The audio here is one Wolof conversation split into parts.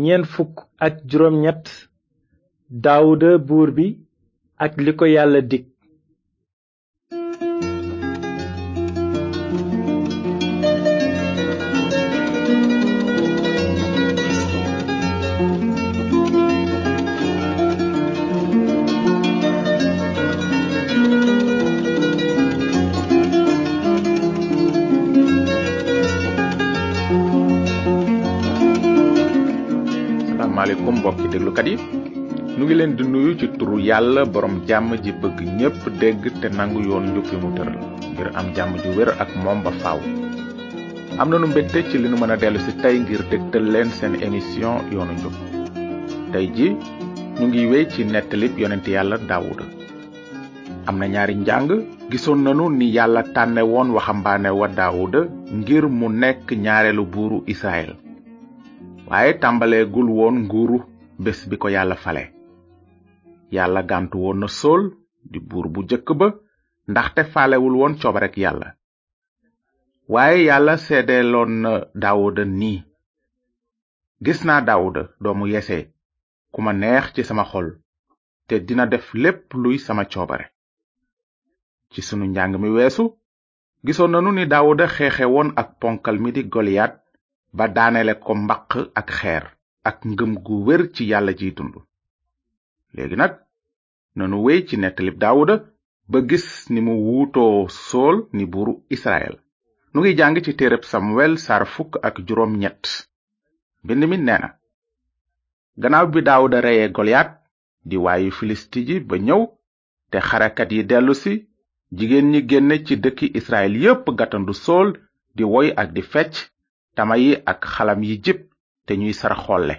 ñeent fukk ak juróom ñett Daawuda buur bi ak li ko Yàlla dig asalaamaaleykum mbokki déglukat yi nu ngi leen di nuyu ci turu yàlla boroom jàmm ji bëgg ñépp dégg te nangu yoon njub yi mu tëral ngir am jàmm ju wér ak moom ba faaw. am na nanu mbégte ci li nu mën a dellu si tey ngir dégtal leen seen émission yoonu njub tey ji ñu ngi wéy ci nettalib yonent yàlla daawuda am na ñaari njàng gisoon nanu ni yàlla tànne woon waxambaane wa daawuda ngir mu nekk ñaareelu buuru israel waaye tàmbaleegul woon nguuru bés bi ko yàlla fale yàlla gantu woon na sool di buur bu jëkk ba ndaxte faalewul woon coobarek yàlla waaye yàlla seedeeloon na daawuda nii gis naa daawuda doomu yese ku ma neex ci sama xol te dina def lépp luy sama coobare ci sunu njàng mi weesu gisoon nanu ni daawuda xeexe woon ak ponkal mi di goliyaat ba daanele ko mbaq ak xeer ak ngëm gu wér ci yàlla jiy dund léegi nag nanu wey ci nettalib daawuda ba gis ni mu wuutoo sool ni buur israel nu ngi jàng ci téereb samuel sar fukk ak juróom ñett mbind mi nee na gannaaw bi daawuda reye goliyat di waayu filisti ji ba ñëw te xarakat yi dellusi jigéen ñi génne ci dëkki israel yépp gatandu sool di woy ak di fecc tama yi ak xalam yi jëpp te ñuy sar xolle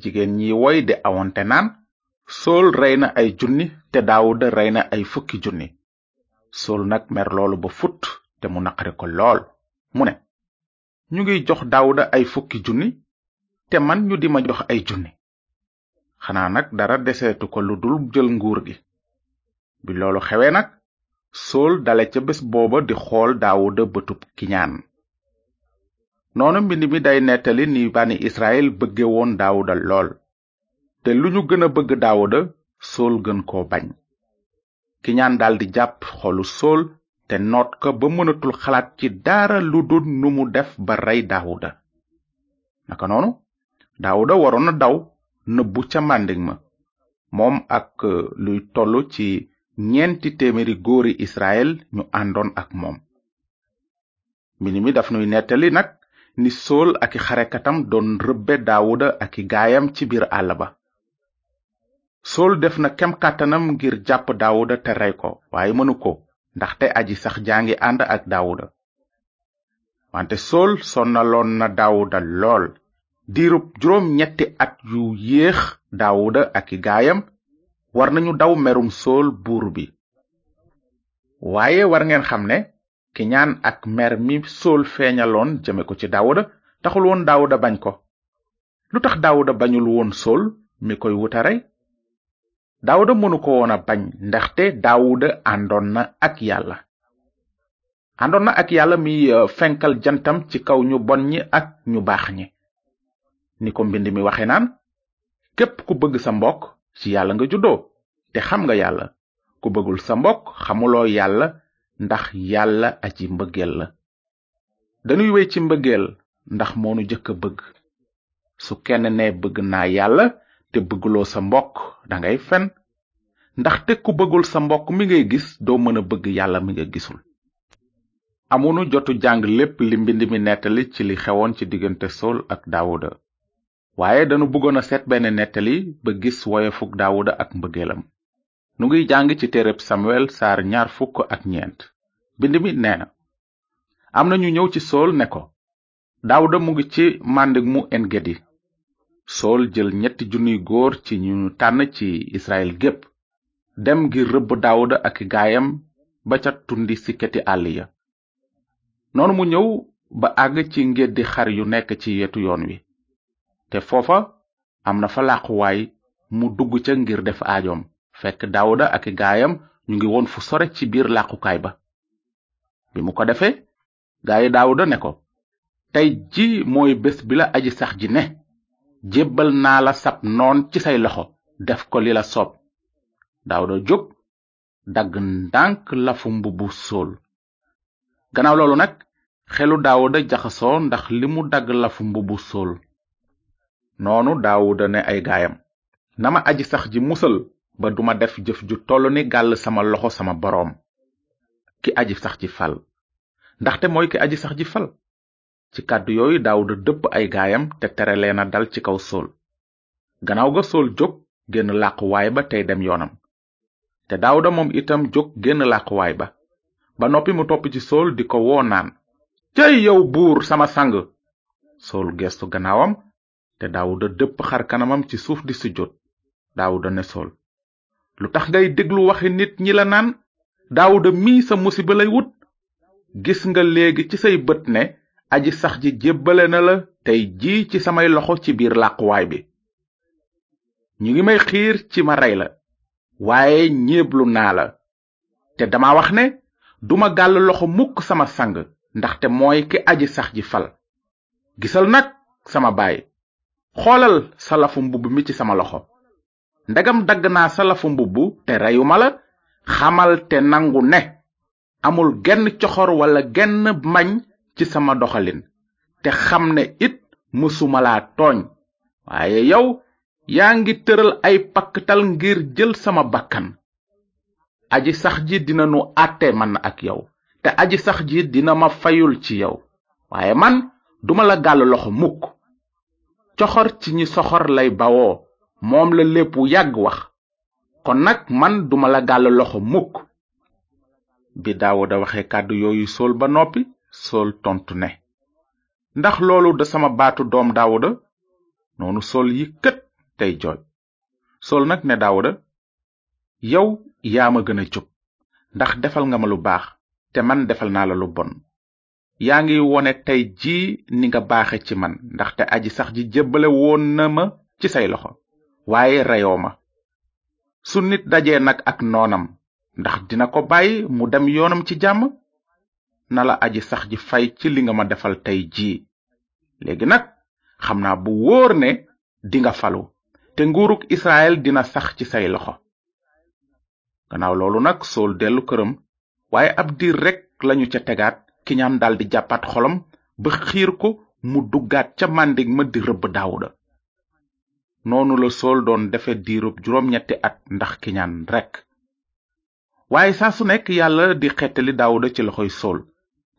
jigéen ñi woy de awonte naan sool rey na ay junni te daawuda rey na ay fukki junni sool nag mer loolu ba fut te mu naqari ko lool mu ne ñu ngi jox daawuda ay fukki junni te man ñu di jox ay junni xanaa nag dara deseetu ko lu dul jël nguur gi bi loolu xewee nag sool dale ca bés booba di xool daawuda bëtub ñaan noonu mbind mi day nettali ni bani israel bëgge woon daawuda lool te lu ñu gën a bëgg daawuda sool gën ko bañ ki ñaan daldi jàpp xolu sool te noot ko ba mënatul xalaat ci dara lu dul nu mu def ba rey daawuda naka noonu daawuda waroon na daw nëbbu ca màndig ma moom ak euh, luy tollu ci ñeenti téeméeri góori israel ñu àndoon ak moom mbind mi daf nuy nettali nag ni sool aki xarekatam doon rëbbe daawuda aki gaayam ci biir àll ba sool def na kem kàttanam ngir jàpp daawuda te rey ko waaye mënu ko ndaxte aji sax jaa ngi ànd ak daawuda wante sool sonnaloon na daawuda lool diirub juróom ñetti at yu yéex daawuda aki gaayam war nañu daw merum sool buur bi waaye war ngeen xam ne kiñaan ak mer mi sol feeñaloon jëme ko ci daawuda taxul woon daawuda bañ ko lu tax daawuda bañul woon sol mi koy wuta rey daawuda mënu ko woon a bañ ndaxte daawuda àndoon na ak yàlla àndoon na ak yàlla mi euh, fenkal jantam ci kaw ñu bon ñi ak ñu baax ñi ni ko mbind mi waxe naan képp ku bëgg sa mbokk ci yàlla nga juddoo te xam nga yàlla ku bëggul sa mbok xamuloo yàlla ndax yàlla aji mbëggeel la dañuy wey ci mbëggeel ndax moonu jëkk a bëgg su kenn ne bëgg naa yàlla te bëgguloo sa mbokk dangay fen ndaxte ku bëggul sa mbokk mi ngay gis doo mën a bëgg yàlla mi nga gisul amunu jotu jàng lépp li mbind mi nettali ci li xewoon ci diggante sol ak daawuda waaye danu bëggoon a seet benn nettali ba gis woyefug daawuda ak mbëggeelam nu ngiy jàng ci téereb samuel saar ñaar fukk ak ñeent bind mi nee na am na ñu ñëw ci sol ne ko daawuda mu ngi ci màndik mu yi sool jël ñetti junniy góor ci ñu ñu tànn ci israel gépp dem ngir rëbb daawuda ak gaayam ba ca tundi sikkati àll ya noonu mu ñëw ba àgg ci ngeddi xar yu nekk ci yetu yoon wi te foofa am na fa làquwaay mu dugg ca ngir def aajoom fekk daawuda ak gaayam ñu ngi woon fu sore ci biir làqukaay ba bi mu ko defee gaayi daawuda ne ko tey ji mooy bés bi la aji sax ji ne jébbal naa la sab noon ci say loxo def ko li la soob daawuda jóg dagg ndànk lafu mbubu sóol gannaaw loolu nag xelu daawuda jaxasoo ndax li mu dagg lafu mbubu sóol noonu daawuda ne ay gaayam nama aji sax ji musal ba duma def jëf ju toll ni gàll sama loxo sama boroom ki aji sax ji fal ndaxte mooy ki aji sax ji fal ci kàddu yooyu daawuda dëpp ay gaayam te tere leena dal ci kaw sool gannaaw ga sool jóg génn làquwaay ba tey dem yoonam te daawuda moom itam jóg génn làquwaay ba ba noppi mu topp ci sool di ko woo naan cey yow buur sama sang sool geestu gannaawam te daawuda dëpp xar kanamam ci suuf di sujjóot daawuda ne sool lu tax ngay déglu waxi nit ñi la naan daawuda mi sa musiba lay wut gis nga léegi ci say bët ne aji sax ji jébbale na la tey jii ci samay loxo ci biir làquwaay bi ñu ngi may xiir ci ma rey la waaye ñéeblu naa la te dama wax ne duma gàll loxo mukk sama sang ndaxte mooy ki aji sax ji fal gisal nag sama baay xoolal sa lafu mbubb mi ci sama loxo ndegam dagg naa sa lafu mbubb te reyuma la xamal te nangu ne amul genn coxor wala genn mañ ci sama doxalin te xam ne it mësuma laa tooñ waaye yow yaa ngi tëral ay pakkatal ngir jël sama bakkan aji sax ji dina nu àtte man ak yow te aji sax ji dina ma fayul ci yow waaye man duma la gàll loxo mukk coxor ci ñi soxor lay bawoo moom la lépp yàgg wax kon nag man duma la gàll loxo mukk bi daawuda waxe kàddu yooyu sool ba noppi sool tontu ne ndax loolu da sama baatu doom daawuda noonu sool yi kët tey jooy sool nag ne daawuda yow yaa ma gën a jub ndax defal nga ma lu baax te man defal naa la lu bon yaa ngi wone tey ji ni nga baaxe ci man ndaxte aji sax ji jébbale woon na ma ci say loxo waaye reyoo ma su nit dajee nag ak noonam ndax dina ko bàyyi mu dem yoonam ci jàmm na la aji sax ji fay ci li nga ma defal tey jii léegi nag xam naa bu wóor ne dinga falu te nguurug israel dina sax ci say loxo gannaaw loolu nag sool dellu këram waaye ab diir rekk lañu ca tegaat ki ñaan daldi jàppaat xolom ba xiir ko mu duggaat ca màndig ma di rëbb daawuda noonu la sol doon defe diirub juróom-ñetti at ndax kiñaan rekk waaye saa su nekk yàlla di xettali daawuda ci loxoy sol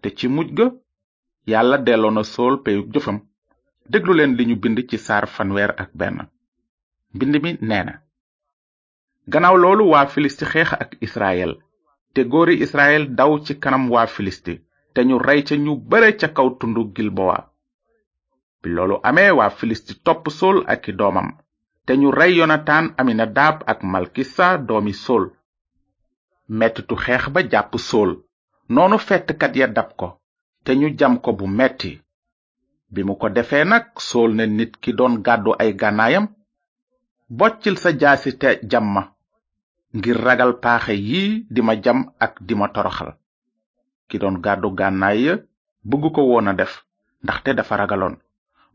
te ci mujj ga yàlla delloo na sool peyug jëfam déglu leen di ñu bind ci saar fanweer ak benn mbind mi neena gannaaw loolu waa filisti xeex ak israel te góori israel daw ci kanam waa filisti te ñu rey ca ñu bare ca kaw tundu gilbowa bi loolu amee waa filisti topp sol ak i doomam te ñu rey yonataan aminadaab ak malkisa doomi sol mettitu xeex ba jàpp sol noonu fettkat ya dab ko te ñu jam ko bu metti bi mu ko defee nag sol ne nit ki doon gàddu ay gànnaayam boccil sa jaasi te jam ma ngir ragal paaxe yi di ma jam ak di ma toroxal ki doon gàddu gànnaay ya bëgg ko woon a def ndaxte dafa ragaloon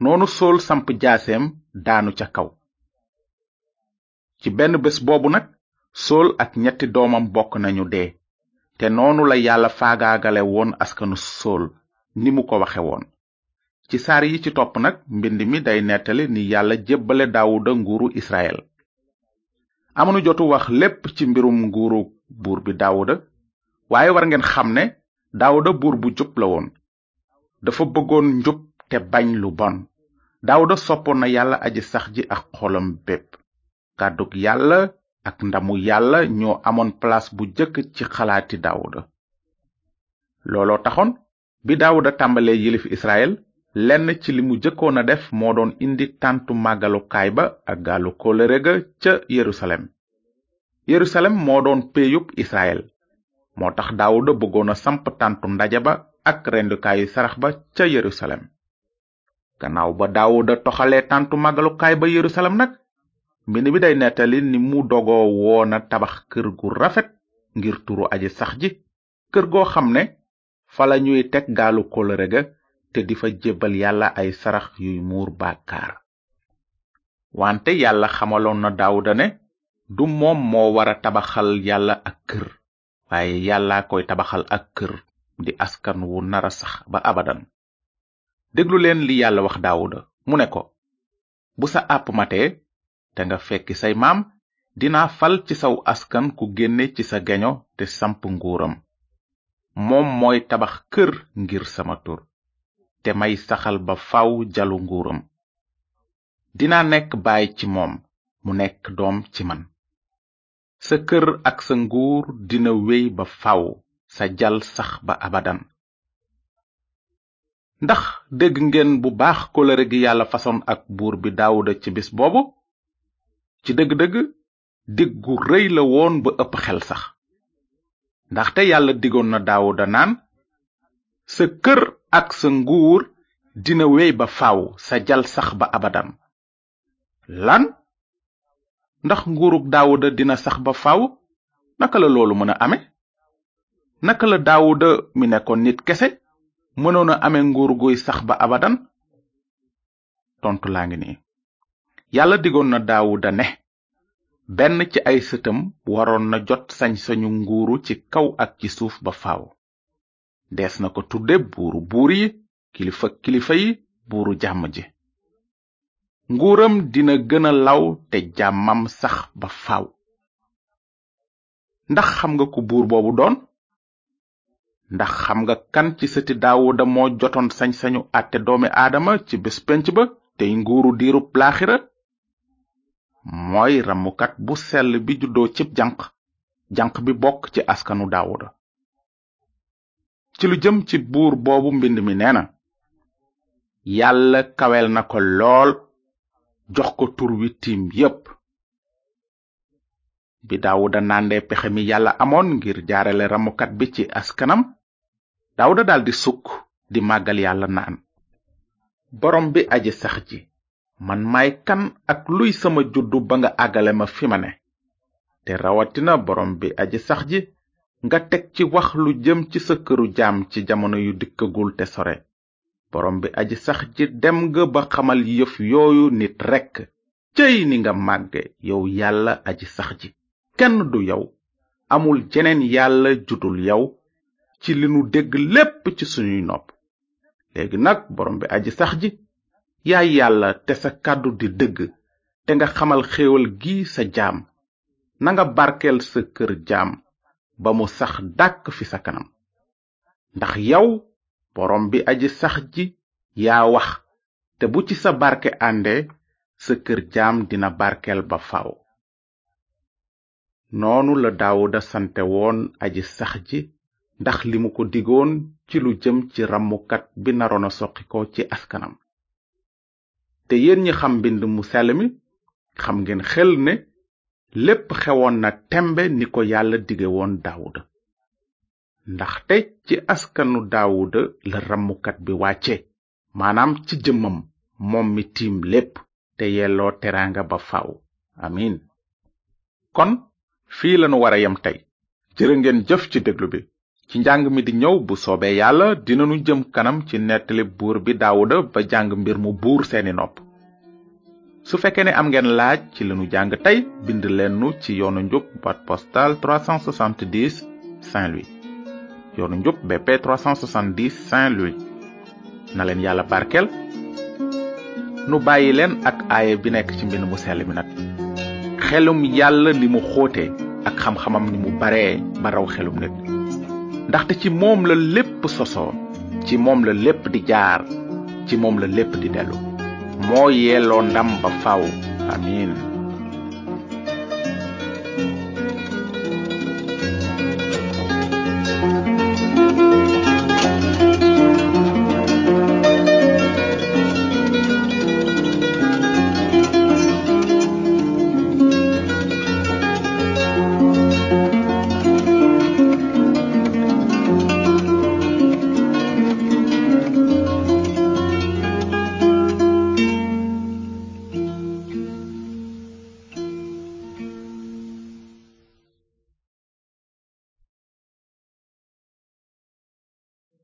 noonu sol samp jaaseem daanu ca kaw ci benn bés boobu nag sol ak ñetti doomam bokk nañu dee te noonu la yàlla faagaagale woon askanu sool ni mu ko waxe woon ci saar yi ci topp nag mbind mi day nettali ni yàlla jëbbale daawuda nguuru israel amunu jotu wax lépp ci mbirum nguuru buur bi daawuda waaye war ngeen xam ne daawuda buur bu jub la woon dafa bëggoon njub te bañ lu bon daawuda soppoon na yàlla aji sax ji ak xolam bépp kàddug yàlla ak ndamu yàlla ñoo amoon place bu jëkk ci xalaati daawuda looloo taxoon bi daawuda tàmbalee yilif israel lenn ci li mu jëkkoon a def moo doon indi tàntu màggalukaay ba ak gaalu kóllëre ga ca yerusalem yerusalem moo doon péeyub israel moo tax daawuda bëggoona a samp tàntu ndaje ba ak rendukaayu sarax ba ca yerusalem gannaaw ba daawuda toxale tàntu magalukaay ba yerusalem nag mbind bi day nettali ni mu dogoo woona tabax kër gu rafet ngir turu aji sax ji kër goo xam ne fala ñuy teg gaalu kóllëre ga te di fa jëbal yàlla ay sarax yuy muur bàkkaar wante yàlla xamaloon na daawuda ne du moom moo wara tabaxal yàlla ak kër waaye yàlla koy tabaxal ak kër di askan wu nara sax ba abadan déglu leen li yàlla wax daawuda mu ne ko bu sa àpp matee te nga fekki say maam dina fal ci saw askan ku génne ci sa geño te samp nguuram moom mooy tabax kër ngir sama tur te may saxal ba faw jalu nguuram dinaa nekk baay ci moom mu nekk doom ci man sa kër ak sa nguur dina wéy ba faw sa jal sax ba abadan ndax dégg ngeen bu baax kóllëre gi yàlla façon ak buur bi daawuda ci bis boobu ci dëgg-dëgg dig rëy la woon ba ëpp xel sax ndaxte yàlla digoon na daawuda naan sa kër ak sa nguur dina wey ba faw sa jal sax ba abadam lan ndax nguurug daawuda dina sax ba faw naka la loolu mën a ame naka la daawuda mi nekkoon nit kese mënoon a amee nguur guy sax ba abadan tontu laa ngi nii yàlla digoon na daawuda ne benn ci ay sëtam waroon na jot sañ-sañu nguuru ci kaw ak ci suuf ba faw dees na ko tudde buuru buur yi kilifa kilifa yi buuru jàmm ji nguuram dina gën a law te jàmmam sax ba faaw ndax xam nga ko buur boobu doon ndax xam nga kan ci sëti daawuda moo jotoon sañ-sañu àtte doomi aadama ci bés pénc ba tey nguuru diiru laaxira mooy ramukat bu sell bi juddoo ci janq janq bi bokk ci askanu daawuda ci lu jëm ci buur boobu mbind mi nee na yàlla kawel na ko lool jox ko tur wi tiim yépp bi daawuda nàndee pexe mi yàlla amoon ngir jaarale ramukat bi ci askanam daawuda daldi sukk di màggal yàlla naan borom bi aji sax ji man maay kan ak luy sama juddu ba nga àggale ma fi ma ne te rawatina borom bi aji sax ji nga teg ci wax lu jëm ci sa këru jaam ci jamono yu dikkagul te sore borom bi aji sax ji dem nga ba xamal yëf yooyu nit rekk cëy ni nga màgge yow yàlla aji sax ji kenn du yow amul jeneen yàlla judul yow ci li nu dégg lépp ci suñuy nopp léegi nag borom bi aji sax ji yaay yàlla te sa kàddu di dëgg te nga xamal xéewal gi sa jaam nanga barkeel sa kër jaam ba mu sax dàkk fi sa kanam ndax yow borom bi aji sax ji yaa wax te bu ci sa barke àndee sa kër jaam dina barkeel ba faw noonu la daawuda sante woon aji sax ji ndax limu ko digoon ci lu jëm ci rammukat bi naroon a soqikoo ci askanam te yéen ñi xam mbind mu sell mi xam ngeen xel ne lépp xewoon na tembe ni ko yàlla dige woon daawuda ndaxte ci askanu daawuda la rammukat bi wàcce maanaam ci jëmmam moom mi tiim lépp te yelloo teraanga ba faw amin kon fii lanu wara yem tey jërë ngeen jëf ci déglu bi ci njàng mi di ñëw bu soobee yàlla dina dinanu jëm kanam ci nettali buur bi daawuda ba jàng mbir mu buur seeni nopp su fekkee ne am ngeen laaj ci li nu jàng tey bind leen nu ci yoonu njub boîte postale 370 Saint-Louis yoonu njub BP 370 Saint-Louis na leen yàlla barkeel nu bàyyi leen ak aaye bi nekk ci mbind mu sell mi nag xelum yàlla ni mu xootee ak xam-xamam ni mu baree ba raw xelum nit ndaxte ci moom la lépp sosoo ci moom la lépp di jaar ci moom la lépp di dellu moo yelloo ndam ba faw amiin